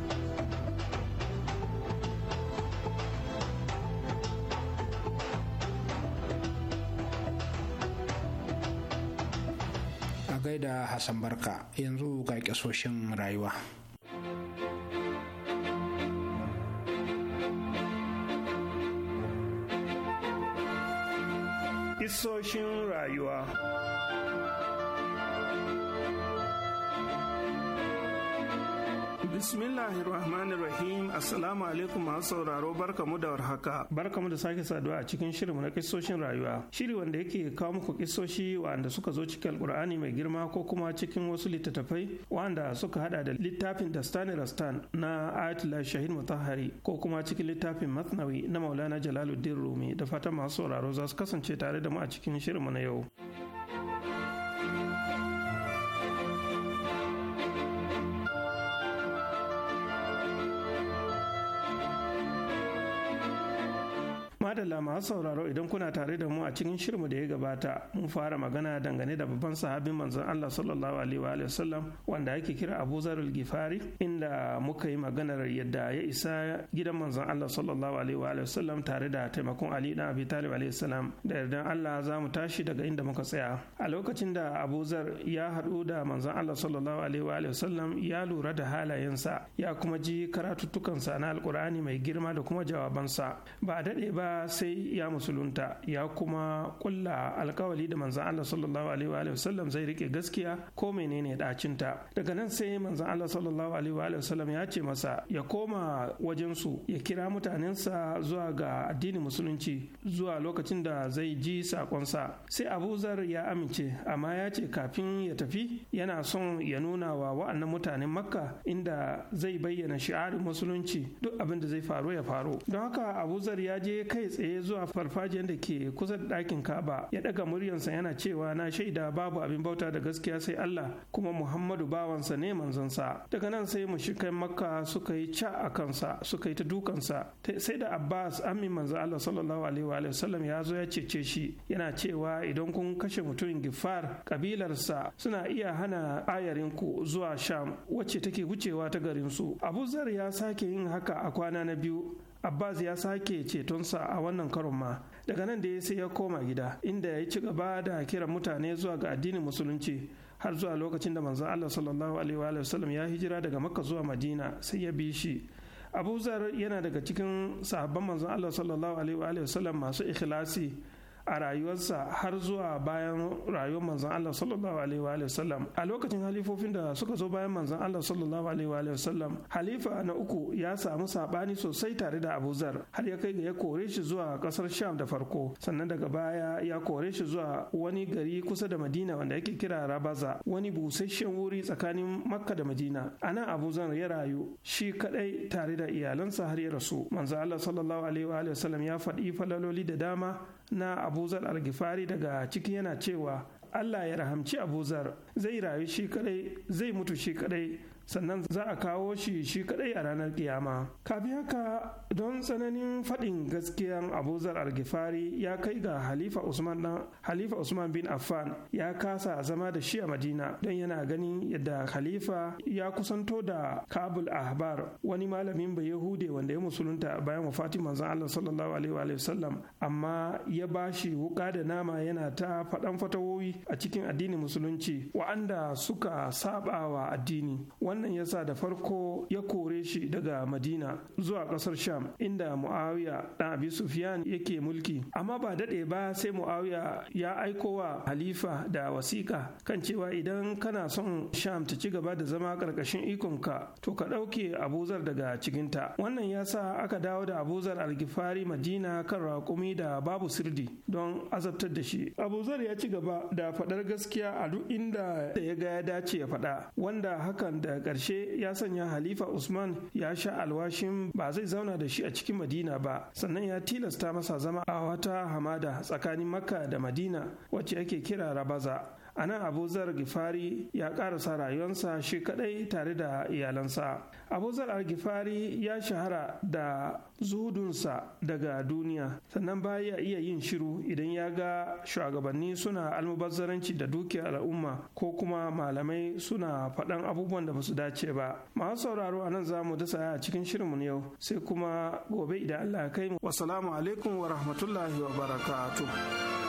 gaida Hassan Barka yanzu ga kisoshin rayuwa. Kisoshin rayuwa Bismillahirrahmanirrahim Assalamu alaikum masu sauraro barkamu da warhaka. mu da sake saduwa a cikin shirinmu na kisoshin rayuwa. Shiri wanda yake kawo muku kisoshi wanda suka zo cikin Alkur'ani mai girma ko kuma cikin wasu littattafai wanda suka hada da littafin Dastani Rastan na Ayatollah Shahid Mutahari ko kuma cikin littafin Masnawi na Maulana Jalaluddin Rumi da fatan masu sauraro za su kasance tare da mu a cikin shirinmu na yau. madalla masu sauraro idan kuna tare da mu a cikin shirmu da ya gabata mun fara magana dangane da babban sahabin manzon Allah sallallahu alaihi wa sallam wanda ake kira Abu Zarul Gifari inda muka yi maganar yadda ya isa gidan manzon Allah sallallahu alaihi wa sallam tare da taimakon Ali dan Abi Talib alaihi salam da yardan Allah za mu tashi daga inda muka tsaya a lokacin da Abu Zar ya haɗu da manzon Allah sallallahu alaihi wa sallam ya lura da halayensa ya kuma ji karatuttukansa na alkur'ani mai girma da kuma jawabansa ba a daɗe ba sai ya musulunta ya kuma kulla alkawali da manzan Allah sallallahu alaihi wa sallam zai rike gaskiya ko menene dacinta daga nan sai manzan Allah sallallahu alaihi wa sallam ya ce masa ya koma wajen su ya kira mutanensa zuwa ga addinin musulunci zuwa lokacin da zai ji sakonsa sai Abu Zar ya amince amma ya ce kafin ya tafi yana son ya nuna wa wa'annan mutanen Makka inda zai bayyana shi'arin musulunci duk abin da zai faru ya faru don haka Abu Zar ya je kai tsaye zuwa farfajiyar da ke kusa da ɗakin Ka'aba ya ɗaga muryarsa yana cewa na shaida babu abin bauta da gaskiya sai Allah kuma Muhammadu bawansa ne manzonsa. Daga nan sai mu mushrikai Makka suka yi ca a kansa suka yi ta dukansa sai da Abbas amin manzo Allah sallallahu alaihi wa sallam ya zo ya cece shi yana cewa idan kun kashe mutumin Gifar kabilarsa suna iya hana ayarin ku zuwa Sham wacce take wucewa ta garinsu. su. Abu Zar ya sake yin haka a kwana na biyu abbas ya sake cetonsa a wannan karon ma daga nan da ya sai ya koma gida inda ya ci gaba da kiran mutane zuwa ga addinin musulunci har zuwa lokacin da manzon allah sallallahu alaihi wa ya hijira daga makka zuwa madina sai ya bi shi abu yana daga cikin sahabban manzon allah sallallahu alaihi wa masu ikhlasi a rayuwarsa har zuwa bayan rayuwar manzon Allah sallallahu alaihi wa sallam a lokacin halifofin da suka zo bayan manzon Allah sallallahu alaihi wa sallam halifa na uku ya samu sabani sosai tare da Abu Zar har ya kai ga ya kore shi zuwa kasar Sham da farko sannan daga baya ya kore shi zuwa wani gari kusa da Madina wanda yake kira Rabaza wani busasshen wuri tsakanin Makka da Madina anan Abu Zar ya rayu shi kadai tare da iyalansa har ya rasu manzon Allah sallallahu alaihi wa sallam ya faɗi falaloli da dama na abuzar algifari daga ciki yana cewa allah ya rahamci abuzar zai rayu shi kadai zai mutu shi kadai sannan za a kawo shi shi kadai a ranar kiyama kafin haka don tsananin faɗin gaskiyan abuzar algifari ya kai ga halifa usman dan halifa usman bin affan ya kasa zama da shi a madina don yana ganin yadda halifa ya kusanto da kabul ahbar wani malamin bai yahude wanda ya musulunta bayan wafatin manzon allah sallallahu alaihi wa sallam amma ya ba shi wuka da nama yana ta faɗan fatawoyi a cikin addinin musulunci wa'anda suka saba wa addini wannan ya sa da farko ya kore shi daga madina zuwa kasar sham inda muawiya ɗan abi sufyan yake mulki amma ba daɗe ba sai muawiya ya aiko wa halifa da wasiƙa kan cewa idan kana son sham ta ci gaba da zama ƙarƙashin ikonka to ka ɗauke abuzar daga cikinta wannan ya sa aka dawo da abuzar Alkifari madina kan raƙumi da babu sirdi don azabtar da shi abuzar ya ci gaba da faɗar gaskiya a duk inda da ya ga ya dace ya faɗa wanda hakan da ƙarshe ya sanya halifa usman ya sha alwashin ba zai zauna da shi a cikin madina ba sannan ya tilasta masa zama a wata hamada tsakanin makka da madina wacce ake kira rabaza a nan abuzar gifari ya karasa rayuwarsa shi kadai tare da iyalansa abuzar al-gifari ya shahara da zuhudunsa daga duniya sannan baya iya yin shiru idan ya ga shugabanni suna almubazzaranci da dukiyar al'umma ko kuma malamai suna faɗan abubuwan da ba su dace ba masu sauraro a nan za mu dasa a cikin shirinmu yau sai kuma gobe idan allah kai mu wasalamu alaikum wa rahmatullahi wa barakatuh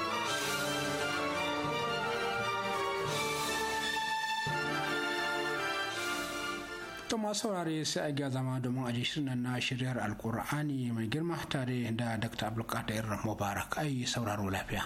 to masu saurare sai a gya zama domin a shirin na shiryar alkur'ani mai girma tare da dr abdulkadir mubarak ai sauraro lafiya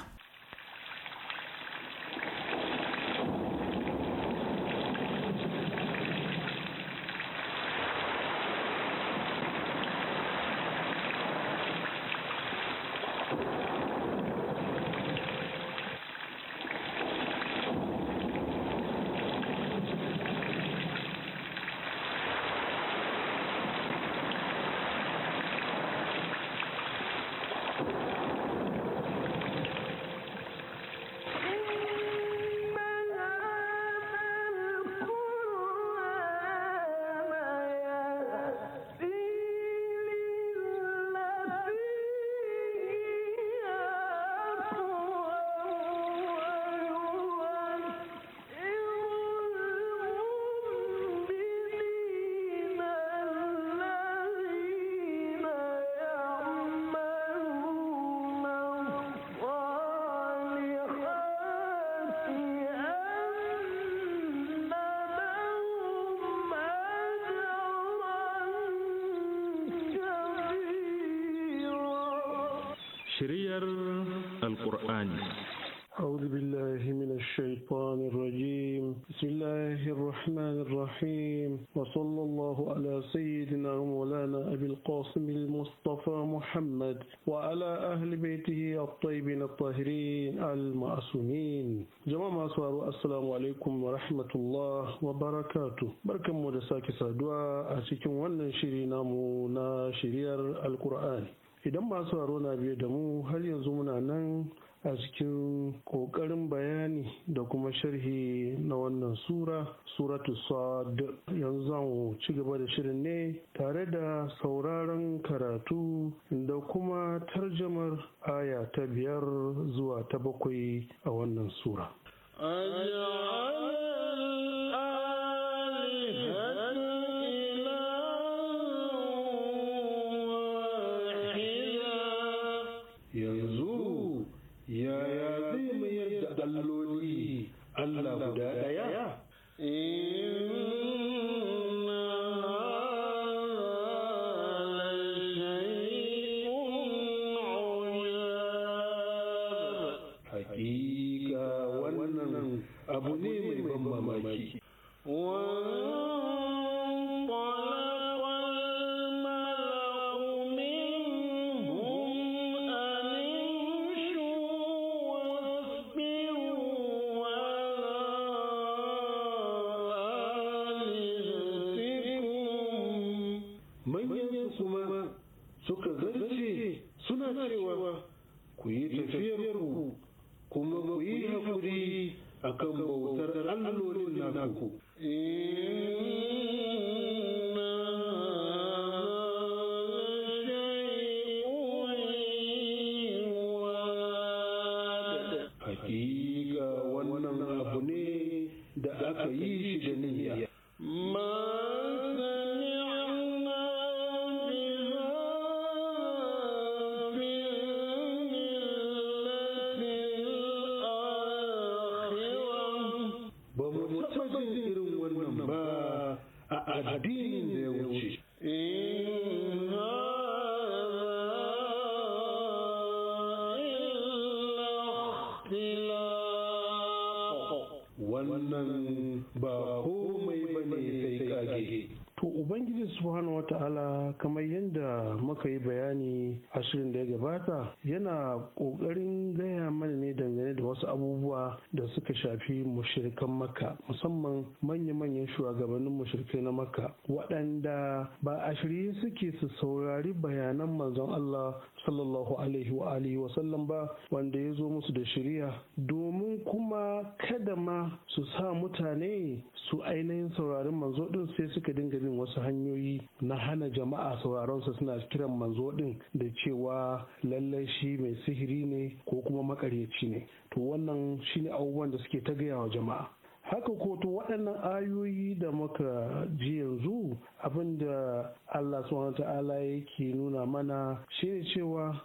الطيبين الطاهرين المعصومين جماعة masu assalamu alaikum wa rahmatullah wa barakatu mu da sake saduwa a cikin wannan shiri namu na shiriyar alkur'ani idan masu na biye da mu har yanzu muna nan a cikin ƙoƙarin bayani da kuma sharhi na wannan sura suratu sad yanzu zan ci gaba da shirin ne tare da sauraron karatu da kuma tarjamar aya ta biyar zuwa ta bakwai a wannan sura. suka shafi mushirkan makka musamman manya-manyan shugabannin mushirikai na makka waɗanda ba a shirye suke su saurari bayanan manzon Allah sallallahu alaihi wa alihi wa sallam ba wanda ya zo musu da shirya domin kuma kada ma su sa mutane su ainihin saurarin manzo din sai suka dinga bin wasu hanyoyi na hana jama'a sauraron su suna kiran manzo din da cewa lallai shi mai sihiri ne ko kuma makaryaci ne to wannan shine abubuwan da suke ta gaya wa jama'a haka ko to waɗannan ayoyi da muka ji yanzu abinda Allah subhanahu ta'ala yake nuna mana shine cewa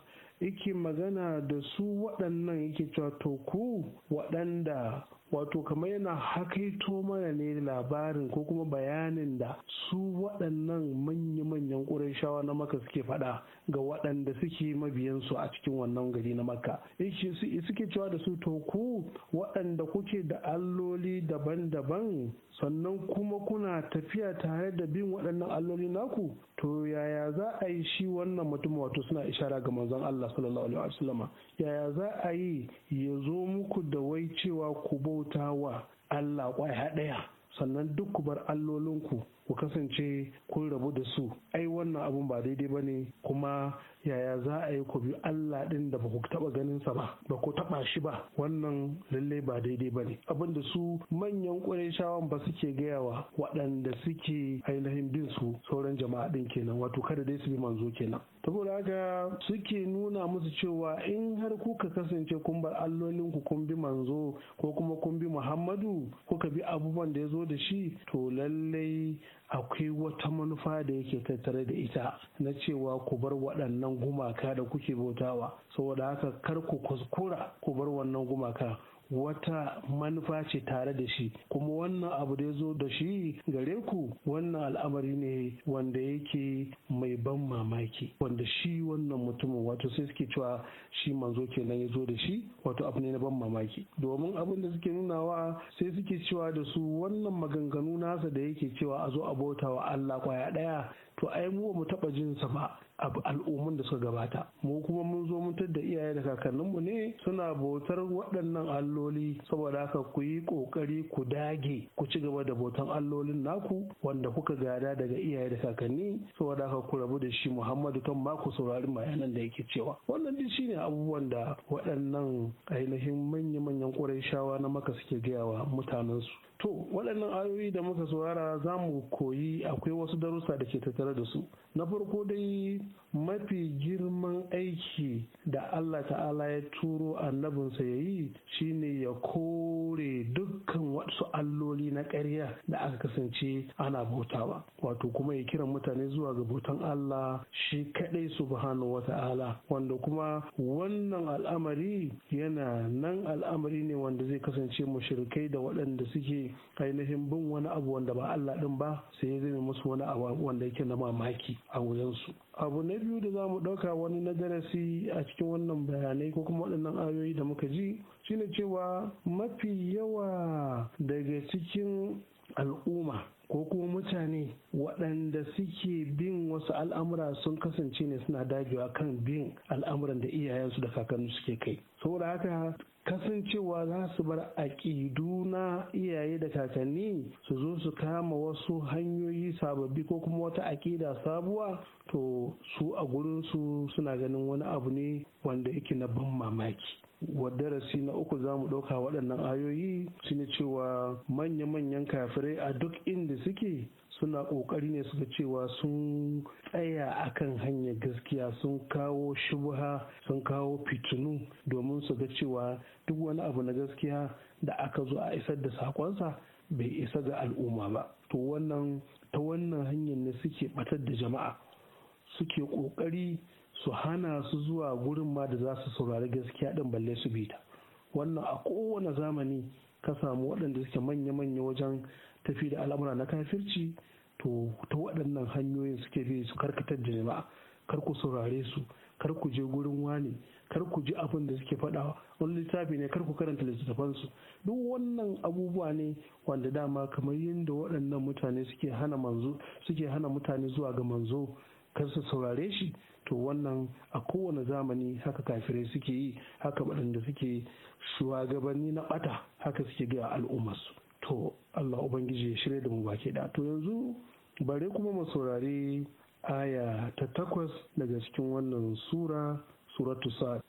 yake magana da su waɗannan yake cewa to ku waɗanda wato kamar yana hakaito mana ne labarin ko kuma bayanin da su waɗannan manya-manyan ƙurashawa na maka suke faɗa ga waɗanda suke mabiyansu a cikin wannan gari na makka eh, suke cewa da su to ku waɗanda kuke da alloli daban-daban sannan kuma kuna tafiya tare da bin waɗannan alloli naku to yaya za a yi shi wannan mutum wato suna ishara ga manzon Allah sallallahu alaihi wasallam yaya za a yi ya zo muku da wai cewa ku bauta wa Allah kwaya ɗaya sannan duk ku bar allolinku ku kasance kun rabu da su ai wannan abun ba daidai ba ne kuma yaya za a yi ku bi Allah ɗin da ba ku taɓa ganinsa ba ba ku taɓa shi ba wannan lallai ba daidai ba ne abin da su manyan ƙurayshawan ba suke gayawa waɗanda suke ainihin bin su sauran jama'a ɗin kenan wato kada dai su bi manzo kenan saboda haka suke nuna musu cewa in har kuka kasance kun bar allolin ku kun bi manzo ko kuma kun bi muhammadu kuka bi abubuwan da ya zo da shi to lallai akwai wata manufa da yake tattare da ita na cewa ku bar waɗannan gumaka da kuke bautawa saboda haka kar ku kuskura ku bar wannan gumaka wata manufa ce tare da shi kuma wannan abu da ya zo da shi gare ku wannan al'amari ne wanda yake mai ban mamaki wanda shi wannan mutumin wato sai suke cewa shi manzo kenan ya zo da shi wato abu ne na ban mamaki domin abin da suke nunawa sai suke cewa da su wannan maganganu nasa da yake cewa a zo a bauta wa Allah kwaya daya to ai mu mu taba jin sa ba al'umman da suka gabata mu kuma mun zo mun da iyaye da kakanninmu ne suna bautar waɗannan alloli saboda haka ku yi ƙoƙari ku dage ku ci gaba da bautan allolin naku wanda kuka gada daga iyaye da kakanni saboda haka ku rabu da shi Muhammadu kan ma ku saurari mayanan da yake cewa wannan duk shine abubuwan da waɗannan ainihin manya-manyan ƙwarai shawa na maka suke gaya wa mutanensu to waɗannan ayoyi da muka saurara za mu koyi akwai wasu darussa da ke tattare da su na farko dai mafi girman aiki da allah ta'ala ya turo annabinsa ya yi shine ya kore dukkan wasu alloli na ƙarya da aka kasance ana bautawa wato kuma ya kiran mutane zuwa ga bautan allah shi kaɗai subhanahu ta'ala. wanda kuma wannan al'amari yana nan al'amari ne wanda zai kasance mushrikai da waɗanda suke ainihin bin wani abu wanda ba allah ɗin ba sai ya zame musu wani abu wanda yake na mamaki a su abu na biyu da za mu ɗauka wani na darasi a cikin wannan bayanai ko kuma waɗannan ayoyi da muka ji shine cewa mafi yawa daga cikin al'umma ko kuma mutane waɗanda suke bin wasu al'amura sun kasance ne suna dagewa kan bin al'amuran da iyayensu da kakanni suke kai saboda haka kasancewa za su bar aƙidu na iyaye da kakanni su zo su kama wasu hanyoyi sababbi ko kuma wata aƙida sabuwa to su a gurinsu suna ganin wani abu ne wanda yake na ban mamaki darasi na uku za mu ɗauka waɗannan ayoyi shine cewa manya-manyan kafirai a duk inda suke suna ƙoƙari ne suka cewa sun tsaya a kan hanyar gaskiya sun kawo shubha sun kawo fitinu domin su ga cewa duk wani abu na gaskiya da aka zo a isar da sakonsa bai isa ga al'umma ba to wannan ta wannan hanyar ne suke batar da jama'a suke ƙoƙari su hana su zuwa gurin ma da za su saurari gaskiya din balle su bi ta wannan a kowane zamani ka samu waɗanda suke manya-manya wajen tafi da al'amura na kafirci to ta waɗannan hanyoyin suke bi su karkatar da jama'a kar ku saurare su kar ku je gurin wani kar ku ji abin da suke faɗawa wani littafi ne kar ku karanta su duk wannan abubuwa ne wanda dama kamar yadda waɗannan mutane suke hana manzo suke hana mutane zuwa ga manzo kar su saurare shi to wannan a kowane zamani haka kafirai suke yi haka waɗanda suke shugabanni na ɓata haka suke ga al'ummarsu to Allah ubangiji ya shirya da mu baki da to yanzu bare kuma mu saurari aya ta takwas daga cikin wannan sura suratu sa'ad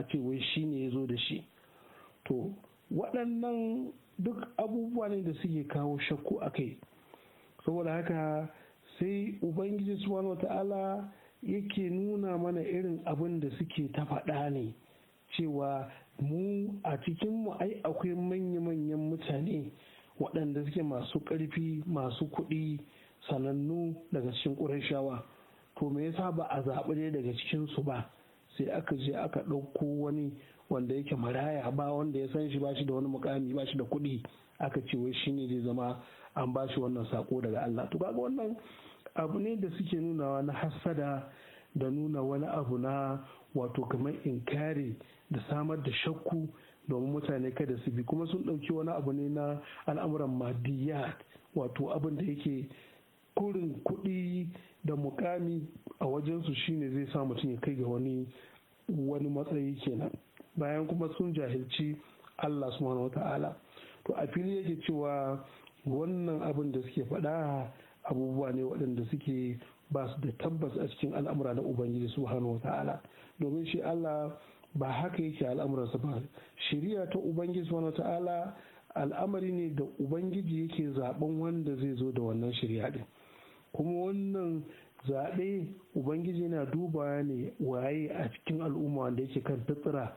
a ce wai shi ne ya zo da shi to waɗannan duk abubuwa ne da suke kawo shakku a kai saboda haka sai ubangiji subhanahu wata'ala yake nuna mana irin abin da suke ta faɗa ne cewa mu a cikinmu ai akwai manya-manyan mutane waɗanda suke masu ƙarfi masu kuɗi sanannu daga cikin ƙurashawa to me yasa ba a zaɓi daga cikinsu ba sai aka je aka ɗauko wani wanda yake maraya ba wanda ya san shi ba shi da wani mukami ba shi da kuɗi aka ce wai shine zai zama an ba shi wannan sako daga Allah to kaga wannan abu ne da suke nuna wani hassada da nuna wani abu na wato kamar inkari da samar da shakku domin mutane kada su bi kuma sun ɗauki wani abu ne na al'amuran madiyat wato abin da yake kurin kuɗi da mukami a wajensu shine zai sa mutum ya kai ga wani wani matsayi kenan bayan kuma sun jahilci Allah subhanahu wata'ala to a fili yake cewa wannan abin da suke faɗa abubuwa ne waɗanda suke ba su da tabbas a cikin al'amura na ubangiji subhanahu wata'ala domin shi Allah ba haka yake al'amuransa ba shiriya ta ubangiji subhanahu wata'ala al'amari ne da ubangiji yake zaben wanda zai zo da wannan shirya din kuma wannan zaɓe ubangiji na duba ne waye a cikin al'umma wanda yake kan fitsira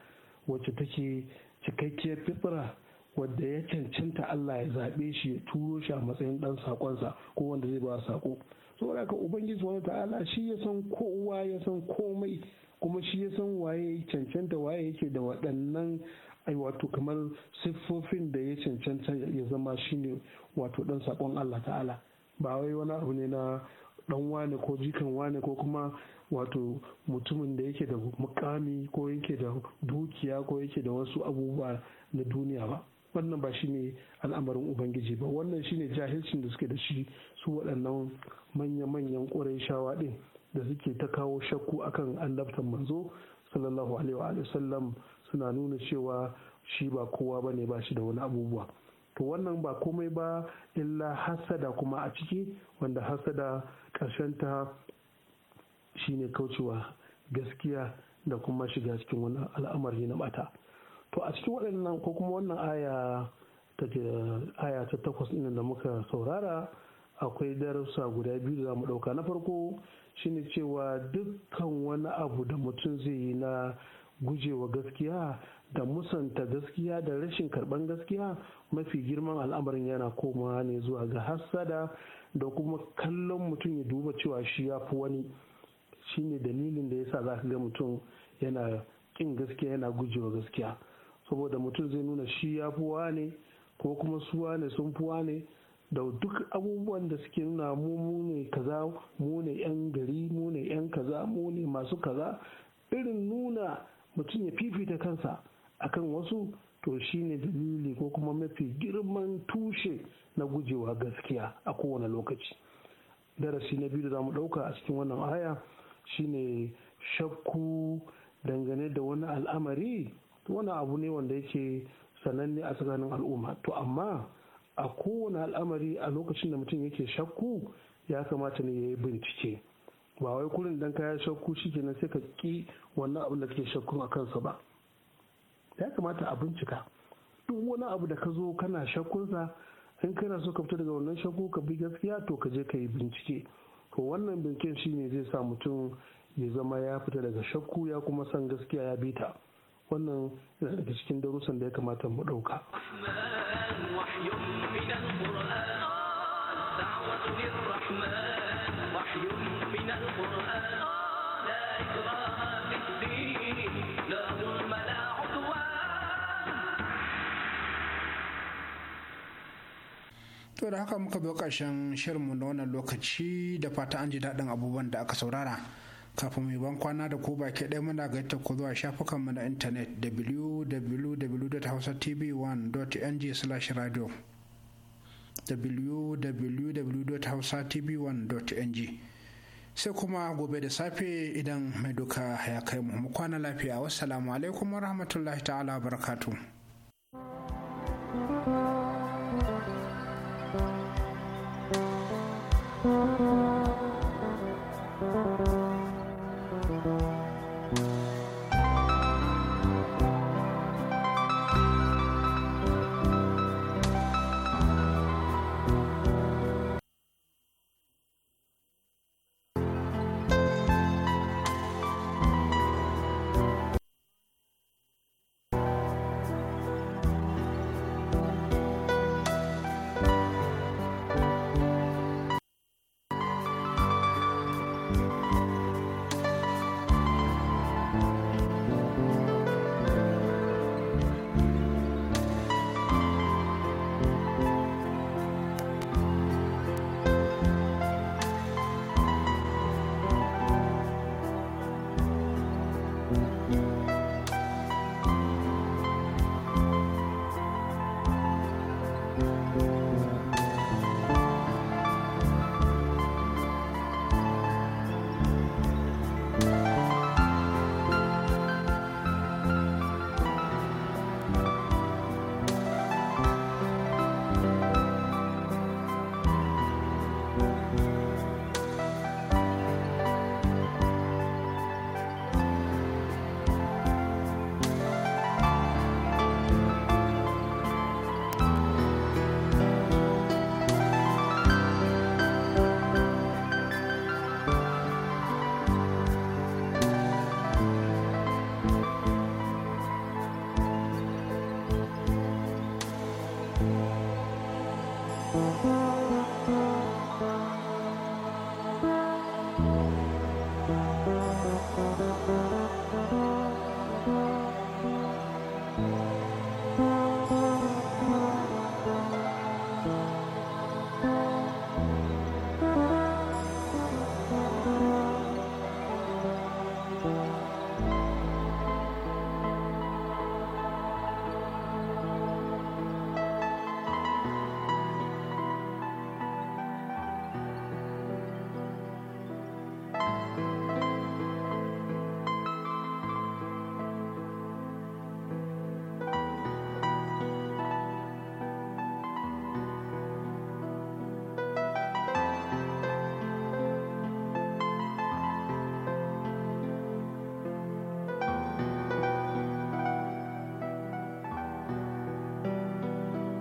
wacce take cikakkiyar fitsira wadda ya cancanta Allah ya zaɓe shi ya turo shi a matsayin ɗan saƙonsa ko wanda zai ba saƙo saboda haka ubangiji wani ta'ala shi ya san kowa ya san komai kuma shi ya san waye cancanta waye yake da waɗannan ai wato kamar siffofin da ya cancanta ya zama shine wato ɗan saƙon Allah ta'ala ba wai wani abu ne na dan wane ko jikan wane ko kuma wato mutumin da yake da mukami ko yake da dukiya ko yake da wasu abubuwa na duniya ba wannan ba shine al'amarin ubangiji ba wannan shine jahilcin da suke da shi su waɗannan manya-manyan ƙurayshawa ɗin da suke ta kawo shakku akan annabtan manzo sallallahu alaihi wa sallam suna nuna cewa shi ba kowa ba ne ba shi da wani abubuwa to wannan ba komai ba illa hasada kuma a ciki wanda hasada ta shine kaucewa gaskiya da kuma shiga cikin wani al'amari na mata to a cikin waɗannan ko kuma wannan aya ta aya ta takwas ɗin da muka saurara akwai darussa guda biyu da zamu ɗauka na farko shine cewa dukkan wani abu da mutum zai yi na gujewa gaskiya da musanta gaskiya da rashin karɓan gaskiya mafi girman al'amarin yana komawa ne zuwa ga hassada da kuma kallon mutum ya duba cewa shi ya fi wani shine dalilin da yasa za ka ga mutum yana kin gaskiya yana gujewa gaskiya saboda mutum zai nuna shi ya fi ne, ko kuma su ne, sun fi ne, da duk abubuwan da suke nuna mu mu ne kaza mu ne yan gari mu ne yan kaza mu ne masu kaza irin nuna mutum ya fifita kansa akan wasu to shine dalili ko kuma mafi girman tushe na gujewa gaskiya a kowane lokaci darasi na biyu da za mu ɗauka a cikin wannan aya shine shakku dangane da wani al'amari wani abu ne wanda yake sananne a tsakanin al'umma to amma a kowane al'amari a lokacin da mutum yake shakku ya kamata ne ya yi bincike ba wai kurin dan ya shakku shi nan sai ka ki wannan abu da kake shakkun a kansa ba ya kamata a bincika duk wani abu da ka zo kana shakkunsa in kana so ka fita daga wannan shakku ka bi gaskiya to ka je ka yi bincike to wannan binciken shi ne zai sa mutum ya zama ya fita daga shakku ya kuma san gaskiya ya bi ta wannan yana daga cikin darussan da ya kamata mu ɗauka. to da haka muka bi ƙarshen shirinmu na wannan lokaci da fata an ji daɗin abubuwan da aka saurara kafin mai ban kwana da ko baki ɗaya muna ga ta ku zuwa shafukanmu na intanet www.hausatv1.ng/radio www.hausatv1.ng sai kuma gobe da safe idan mai duka ya kai mu kwana lafiya wassalamu alaikum warahmatullahi ta'ala barakatu.